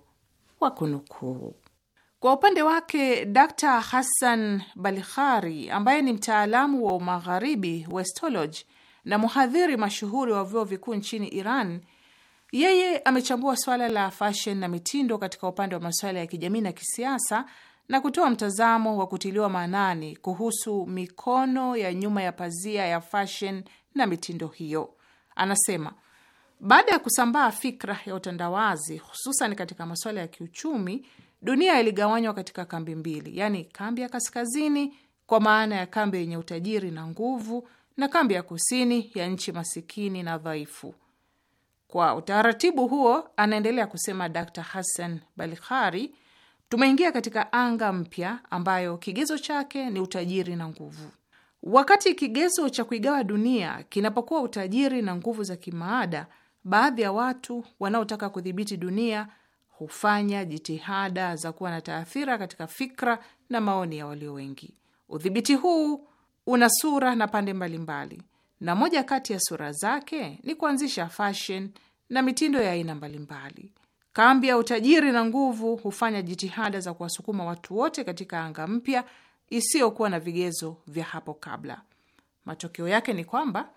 wa kunukuu. Kwa upande wake Dr Hassan balihari ambaye ni mtaalamu wa umagharibi westology na mhadhiri mashuhuri wa vyuo vikuu nchini Iran, yeye amechambua swala la fashion na mitindo katika upande wa masuala ya kijamii na kisiasa na kutoa mtazamo wa kutiliwa maanani kuhusu mikono ya nyuma ya pazia ya fashion na mitindo hiyo. Anasema baada ya kusambaa fikra ya utandawazi, hususan katika masuala ya kiuchumi, dunia iligawanywa katika kambi mbili, yaani kambi ya kaskazini kwa maana ya kambi yenye utajiri na nguvu, na kambi ya kusini ya nchi masikini na dhaifu. Kwa utaratibu huo, anaendelea kusema Dr Hassan Balikhari, tumeingia katika anga mpya ambayo kigezo chake ni utajiri na nguvu. Wakati kigezo cha kuigawa dunia kinapokuwa utajiri na nguvu za kimaada, baadhi ya watu wanaotaka kudhibiti dunia hufanya jitihada za kuwa na taathira katika fikra na maoni ya walio wengi. Udhibiti huu una sura na pande mbalimbali mbali, na moja kati ya sura zake ni kuanzisha fashen na mitindo ya aina mbalimbali. Kambi ya utajiri na nguvu hufanya jitihada za kuwasukuma watu wote katika anga mpya isiyokuwa na vigezo vya hapo kabla. Matokeo yake ni kwamba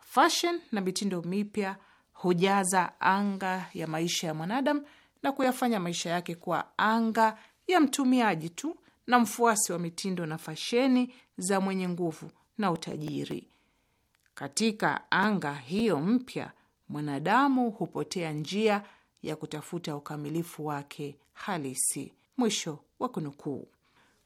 fashion na mitindo mipya hujaza anga ya maisha ya mwanadamu na kuyafanya maisha yake kuwa anga ya mtumiaji tu na mfuasi wa mitindo na fasheni za mwenye nguvu na utajiri. Katika anga hiyo mpya mwanadamu hupotea njia ya kutafuta ukamilifu wake halisi. Mwisho wa kunukuu.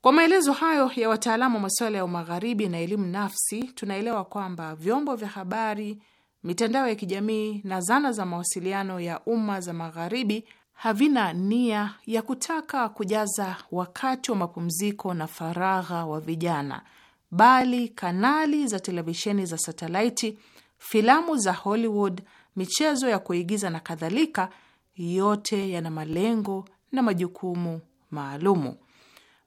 Kwa maelezo hayo ya wataalamu wa masuala ya umagharibi na elimu nafsi, tunaelewa kwamba vyombo vya habari, mitandao ya kijamii na zana za mawasiliano ya umma za magharibi havina nia ya kutaka kujaza wakati wa mapumziko na faragha wa vijana, bali kanali za televisheni za satelaiti, filamu za Hollywood michezo ya kuigiza na kadhalika, yote yana malengo na majukumu maalumu.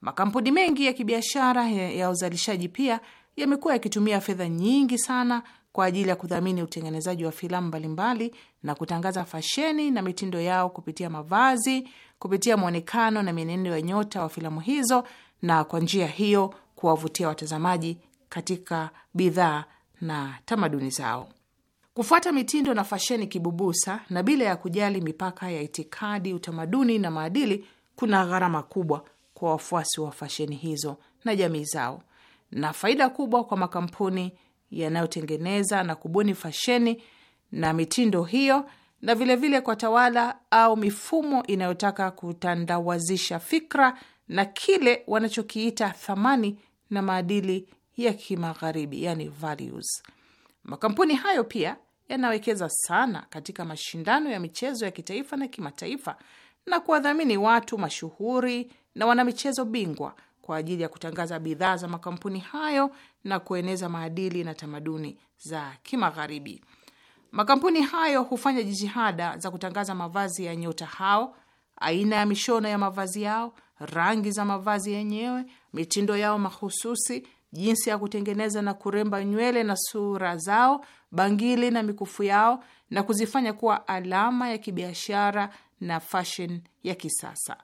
Makampuni mengi ya kibiashara ya, uzalishaji pia yamekuwa yakitumia fedha nyingi sana kwa ajili ya kudhamini utengenezaji wa filamu mbalimbali na kutangaza fasheni na mitindo yao kupitia mavazi, kupitia mwonekano na mienendo ya nyota wa filamu hizo, na kwa njia hiyo kuwavutia watazamaji katika bidhaa na tamaduni zao kufuata mitindo na fasheni kibubusa na bila ya kujali mipaka ya itikadi, utamaduni na maadili kuna gharama kubwa kwa wafuasi wa fasheni hizo na jamii zao, na faida kubwa kwa makampuni yanayotengeneza na kubuni fasheni na mitindo hiyo, na vilevile vile kwa tawala au mifumo inayotaka kutandawazisha fikra na kile wanachokiita thamani na maadili ya Kimagharibi, yani values. Makampuni hayo pia yanawekeza sana katika mashindano ya michezo ya kitaifa na kimataifa na kuwadhamini watu mashuhuri na wanamichezo bingwa kwa ajili ya kutangaza bidhaa za makampuni hayo na kueneza maadili na tamaduni za kimagharibi. Makampuni hayo hufanya jitihada za kutangaza mavazi ya nyota hao, aina ya mishono ya mavazi yao, rangi za mavazi yenyewe, mitindo yao mahususi jinsi ya kutengeneza na kuremba nywele na sura zao, bangili na mikufu yao, na kuzifanya kuwa alama ya kibiashara na fashion ya kisasa.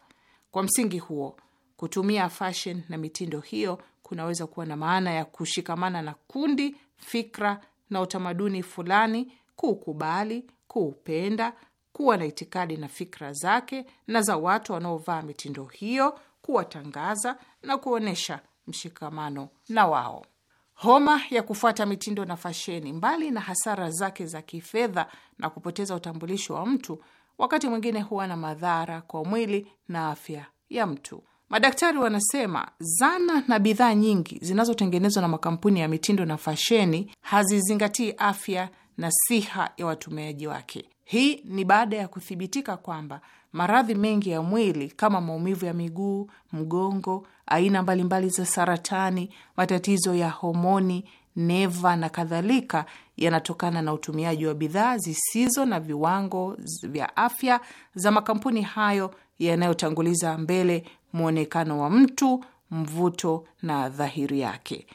Kwa msingi huo, kutumia fashion na mitindo hiyo kunaweza kuwa na maana ya kushikamana na kundi, fikra na utamaduni fulani, kuukubali, kuupenda, kuwa na itikadi na fikra zake na za watu wanaovaa mitindo hiyo, kuwatangaza na kuonyesha mshikamano na wao. Homa ya kufuata mitindo na fasheni, mbali na hasara zake za kifedha na kupoteza utambulisho wa mtu, wakati mwingine huwa na madhara kwa mwili na afya ya mtu. Madaktari wanasema zana na bidhaa nyingi zinazotengenezwa na makampuni ya mitindo na fasheni hazizingatii afya na siha ya watumiaji wake. Hii ni baada ya kuthibitika kwamba maradhi mengi ya mwili kama maumivu ya miguu, mgongo aina mbalimbali za saratani, matatizo ya homoni, neva na kadhalika yanatokana na utumiaji wa bidhaa zisizo na viwango vya afya za makampuni hayo yanayotanguliza mbele mwonekano wa mtu, mvuto na dhahiri yake.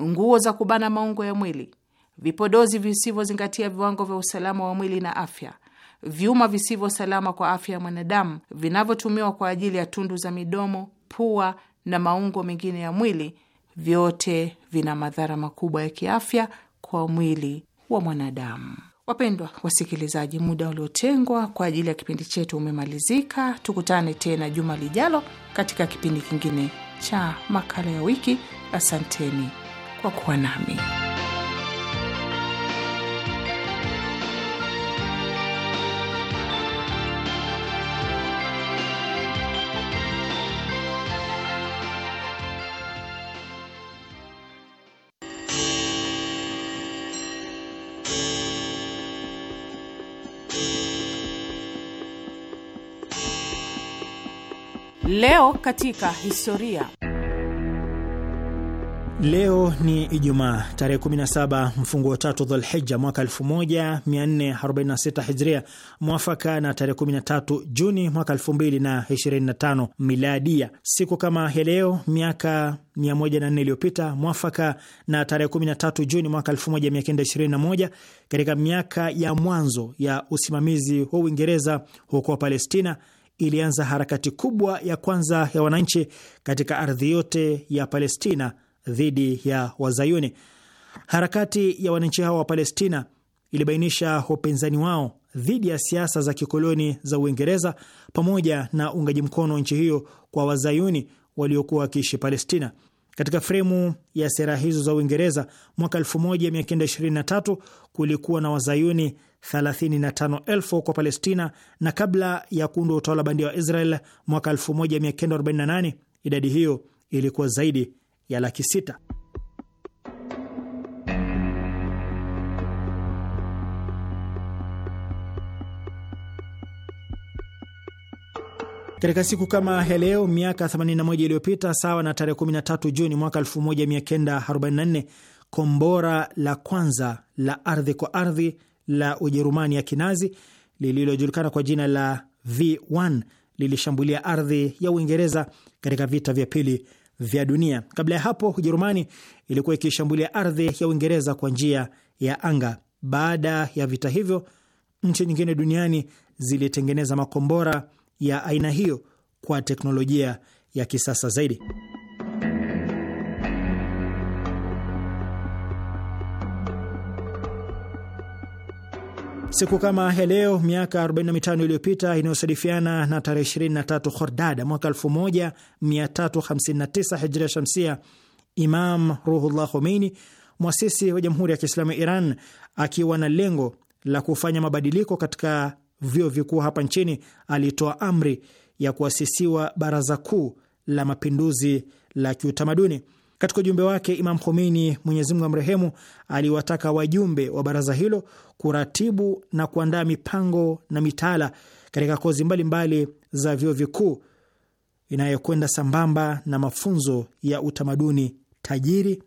Nguo za kubana maungo ya mwili, vipodozi visivyozingatia viwango vya usalama wa mwili na afya, vyuma visivyo salama kwa afya ya mwanadamu vinavyotumiwa kwa ajili ya tundu za midomo, pua na maungo mengine ya mwili, vyote vina madhara makubwa ya kiafya kwa mwili wa mwanadamu. Wapendwa wasikilizaji, muda uliotengwa kwa ajili ya kipindi chetu umemalizika. Tukutane tena juma lijalo katika kipindi kingine cha makala ya wiki. Asanteni kwa kuwa nami. Leo katika historia. Leo ni Ijumaa tarehe 17 mfunguo tatu Dhulhija mwaka 1446 Hijria, mwafaka na tarehe 13 Juni mwaka 2025 Miladia. Siku kama ya leo miaka 104 iliyopita, mwafaka na tarehe 13 Juni mwaka 1921, katika miaka ya mwanzo ya usimamizi wa Uingereza huko Palestina ilianza harakati kubwa ya kwanza ya wananchi katika ardhi yote ya Palestina dhidi ya Wazayuni. Harakati ya wananchi hao wa Palestina ilibainisha upinzani wao dhidi ya siasa za kikoloni za Uingereza pamoja na uungaji mkono wa nchi hiyo kwa Wazayuni waliokuwa wakiishi Palestina. Katika fremu ya sera hizo za Uingereza, mwaka 1923 kulikuwa na wazayuni 35,000 kwa Palestina, na kabla ya kuundwa utawala bandia wa Israel mwaka 1948 idadi hiyo ilikuwa zaidi ya laki sita. Katika siku kama ya leo miaka 81 iliyopita, sawa na tarehe 13 Juni mwaka 1944, kombora la kwanza la ardhi kwa ardhi la Ujerumani ya Kinazi lililojulikana kwa jina la V1 lilishambulia ardhi ya Uingereza katika vita vya pili vya dunia. Kabla ya hapo, Ujerumani ilikuwa ikishambulia ardhi ya Uingereza kwa njia ya anga. Baada ya vita hivyo, nchi nyingine duniani zilitengeneza makombora ya aina hiyo kwa teknolojia ya kisasa zaidi. Siku kama ya leo miaka 45 iliyopita inayosadifiana na tarehe 23 Khordada mwaka 1359 hijria shamsia, Imam Ruhullah Khomeini, mwasisi wa Jamhuri ya Kiislamu ya Iran, akiwa na lengo la kufanya mabadiliko katika vyuo vikuu hapa nchini, alitoa amri ya kuasisiwa Baraza Kuu la Mapinduzi la Kiutamaduni. Katika ujumbe wake, Imam Khomeini, Mwenyezi Mungu amrehemu, aliwataka wajumbe wa baraza hilo kuratibu na kuandaa mipango na mitaala katika kozi mbalimbali mbali za vyuo vikuu inayokwenda sambamba na mafunzo ya utamaduni tajiri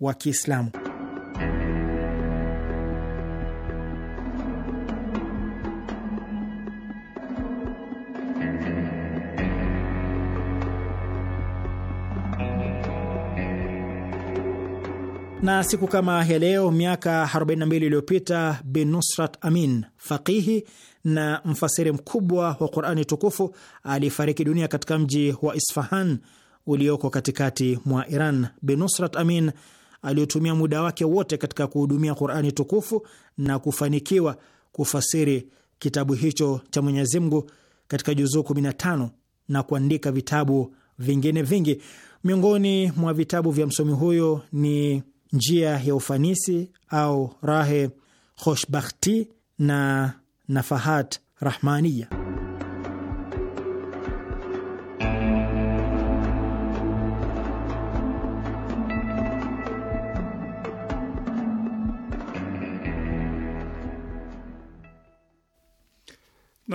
wa Kiislamu. Na siku kama ya leo miaka 42 iliyopita, binusrat Nusrat Amin, faqihi na mfasiri mkubwa wa Qurani tukufu alifariki dunia katika mji wa Isfahan ulioko katikati mwa Iran. binusrat Nusrat Amin aliotumia muda wake wote katika kuhudumia Qurani tukufu na kufanikiwa kufasiri kitabu hicho cha Mwenyezi Mungu katika juzuu 15 na kuandika vitabu vingine vingi. Miongoni mwa vitabu vya msomi huyo ni njia ya ufanisi au rahe khoshbakhti na nafahat rahmaniya.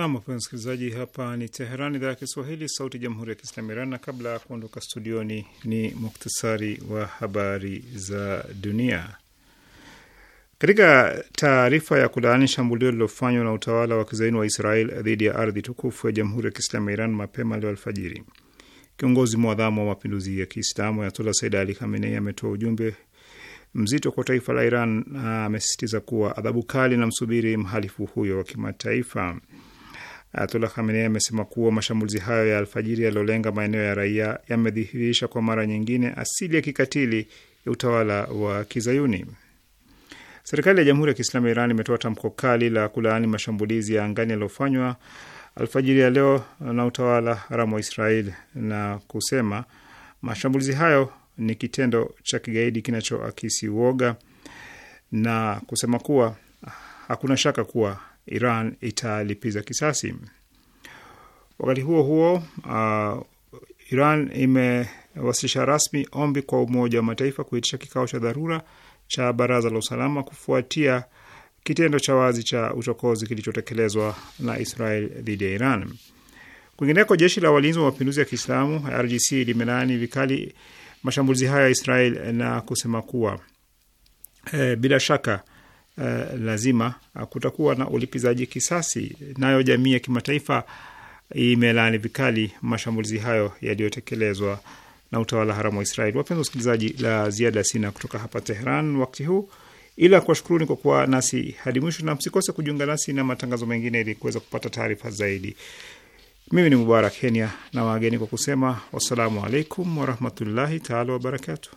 Nam, wapenzi msikilizaji, hapa ni Teheran, idhaa ya Kiswahili, sauti ya jamhuri ya kiislamu Iran. Na kabla ya kuondoka studioni, ni muktasari wa habari za dunia. Katika taarifa ya kulaani shambulio lililofanywa na utawala wa kizaini wa Israel dhidi ya ardhi tukufu ya jamhuri ya kiislamu ya Iran mapema leo alfajiri, kiongozi mwadhamu wa mapinduzi ya Kiislamu Ayatullah Said Ali Khamenei ametoa ujumbe mzito kwa taifa la Iran. Amesisitiza kuwa adhabu kali na msubiri mhalifu huyo wa kimataifa. Ayatollah Khamenei amesema kuwa mashambulizi hayo ya alfajiri yaliyolenga maeneo ya raia yamedhihirisha kwa mara nyingine asili ya kikatili ya utawala wa Kizayuni. Serikali ya Jamhuri ya Kiislamu ya Iran imetoa tamko kali la kulaani mashambulizi ya angani yaliyofanywa alfajiri ya leo na utawala haramu wa Israel na kusema mashambulizi hayo ni kitendo cha kigaidi kinachoakisi uoga na kusema kuwa hakuna shaka kuwa Iran italipiza kisasi. Wakati huo huo, uh, Iran imewasilisha rasmi ombi kwa Umoja wa Mataifa kuitisha kikao cha dharura cha Baraza la Usalama kufuatia kitendo cha wazi cha uchokozi kilichotekelezwa na Israel dhidi ya Iran. Kwingineko, jeshi la walinzi wa mapinduzi ya Kiislamu IRGC limenani vikali mashambulizi hayo ya Israel na kusema kuwa eh, bila shaka eh, lazima ah, kutakuwa na ulipizaji kisasi. Nayo jamii ya kimataifa imelaani vikali mashambulizi hayo yaliyotekelezwa na utawala haramu wa Israeli. Wapenzi wasikilizaji, la ziada sina kutoka hapa Tehran wakati huu ila kuwashukuruni kwa kuwa nasi hadi mwisho, na msikose kujiunga nasi na matangazo mengine ili kuweza kupata taarifa zaidi. Mimi ni Mubarak Kenya na wageni kwa kusema wassalamu alaikum warahmatullahi taala wabarakatuh.